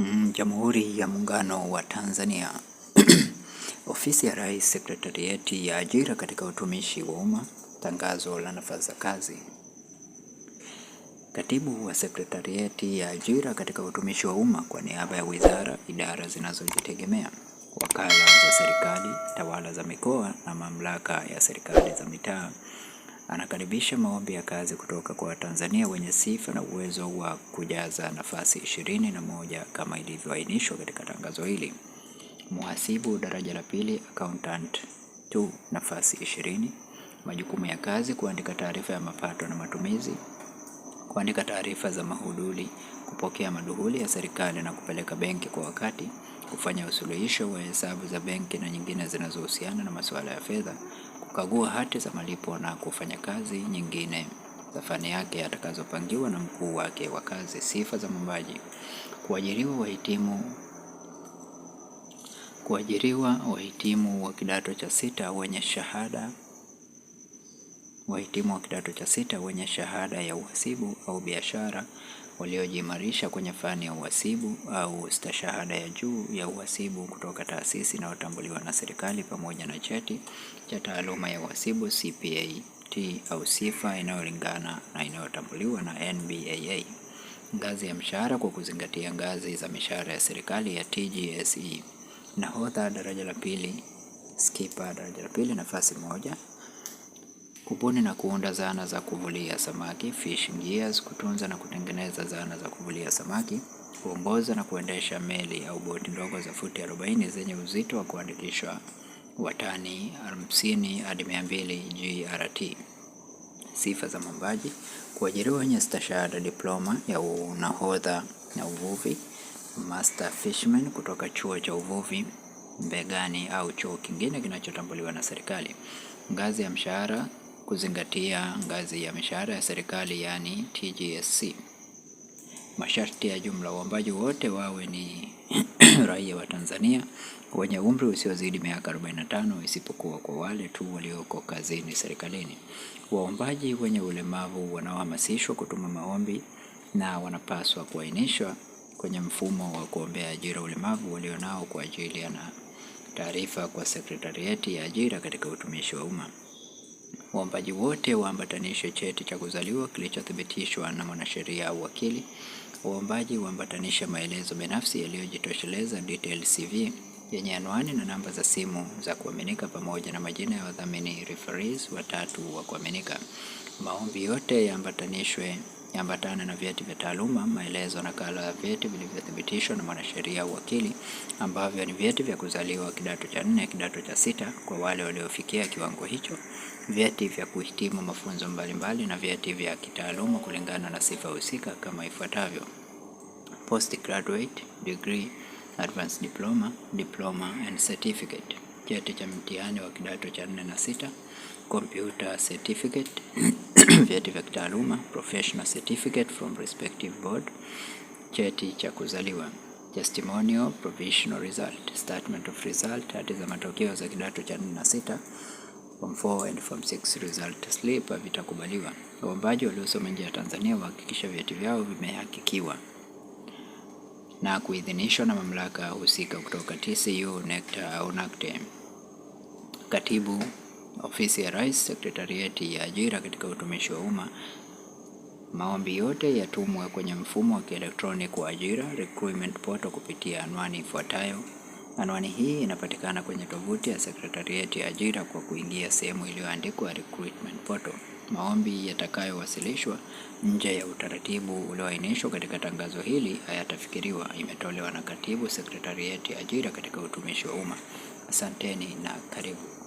Mm, Jamhuri ya Muungano wa Tanzania. Ofisi ya Rais, Sekretarieti ya Ajira katika Utumishi wa Umma, tangazo la nafasi za kazi. Katibu wa Sekretarieti ya Ajira katika Utumishi wa Umma kwa niaba ya wizara, idara zinazojitegemea, wakala za serikali, tawala za mikoa na mamlaka ya serikali za mitaa anakaribisha maombi ya kazi kutoka kwa Watanzania wenye sifa na uwezo wa kujaza nafasi ishirini na moja kama ilivyoainishwa katika tangazo hili. Muhasibu daraja la pili, accountant 2, nafasi ishirini. Majukumu ya kazi: kuandika taarifa ya mapato na matumizi, kuandika taarifa za mahuduli, kupokea maduhuli ya serikali na kupeleka benki kwa wakati, kufanya usuluhisho wa hesabu za benki na nyingine zinazohusiana na masuala ya fedha, kukagua hati za malipo na kufanya kazi nyingine za fani yake atakazopangiwa na mkuu wake wa kazi. Sifa za mwombaji: kuajiriwa wahitimu kuajiriwa wahitimu wa kidato cha sita wenye shahada wahitimu wa kidato cha sita wenye shahada ya uhasibu au biashara waliojiimarisha kwenye fani ya uhasibu au stashahada ya juu ya uhasibu kutoka taasisi inayotambuliwa na serikali pamoja na cheti cha taaluma ya uhasibu CPAT au sifa inayolingana na inayotambuliwa na NBAA. Ngazi ya mshahara kwa kuzingatia ngazi za mishahara ya serikali ya TGSE. Nahodha daraja la pili, skipa daraja la pili nafasi moja. Kubuni na kuunda zana za kuvulia samaki, fishing gears, kutunza na kutengeneza zana za kuvulia samaki, kuongoza na kuendesha meli au boti ndogo za futi 40 zenye uzito wa kuandikishwa wa tani 50 hadi 200 GRT. Sifa za mwombaji: kuajiriwa wenye stashahada, diploma ya unahodha na uvuvi, master fisherman kutoka chuo cha uvuvi Mbegani au chuo kingine kinachotambuliwa na serikali. Ngazi ya mshahara kuzingatia ngazi ya mishahara ya serikali yaani TGSC. Masharti ya jumla, waombaji wote wawe ni raia wa Tanzania wenye umri usiozidi miaka 45 isipokuwa kwa wale tu walioko kazini serikalini. Waombaji wenye ulemavu wanaohamasishwa kutuma maombi na wanapaswa kuainishwa kwenye mfumo wa kuombea ajira ulemavu walionao kwa ajili na taarifa kwa sekretarieti ya ajira katika utumishi wa umma. Waombaji wote waambatanishe cheti cha kuzaliwa kilichothibitishwa na mwanasheria au wakili. Waombaji waambatanishe maelezo binafsi yaliyojitosheleza detail CV yenye anwani na namba za simu za kuaminika pamoja na majina ya wadhamini referees watatu wa kuaminika. Maombi yote yaambatanishwe yambatana na vyeti vya taaluma, maelezo, nakala ya vyeti vilivyothibitishwa na mwanasheria au wakili, ambavyo ni vyeti vya kuzaliwa kidato cha nne, kidato cha sita kwa wale waliofikia kiwango hicho, vyeti vya kuhitimu mafunzo mbalimbali na vyeti vya kitaaluma kulingana na sifa husika kama ifuatavyo: postgraduate degree, advanced diploma, diploma and certificate, cheti cha mtihani wa kidato cha nne na sita, computer certificate vyeti vya kitaaluma, professional certificate from respective board, cheti cha kuzaliwa, testimonial, provisional result, statement of result, hati za matokeo za kidato cha 4 na 6, form 4 and form 6 result slip vitakubaliwa. Waombaji waliosoma nje ya Tanzania wahakikisha vyeti vyao vimehakikiwa na kuidhinishwa na mamlaka husika kutoka TCU, NECTA au NACTE. Katibu Ofisi ya Rais, Sekretarieti ya Ajira katika Utumishi wa Umma. Maombi yote yatumwe kwenye mfumo wa kielektroniki wa ajira recruitment portal kupitia anwani ifuatayo. Anwani hii inapatikana kwenye tovuti ya Sekretarieti ya Ajira kwa kuingia sehemu iliyoandikwa recruitment portal. Maombi yatakayowasilishwa nje ya utaratibu ulioainishwa katika tangazo hili hayatafikiriwa. Imetolewa na Katibu Sekretarieti ya Ajira katika Utumishi wa Umma. Asanteni na karibu.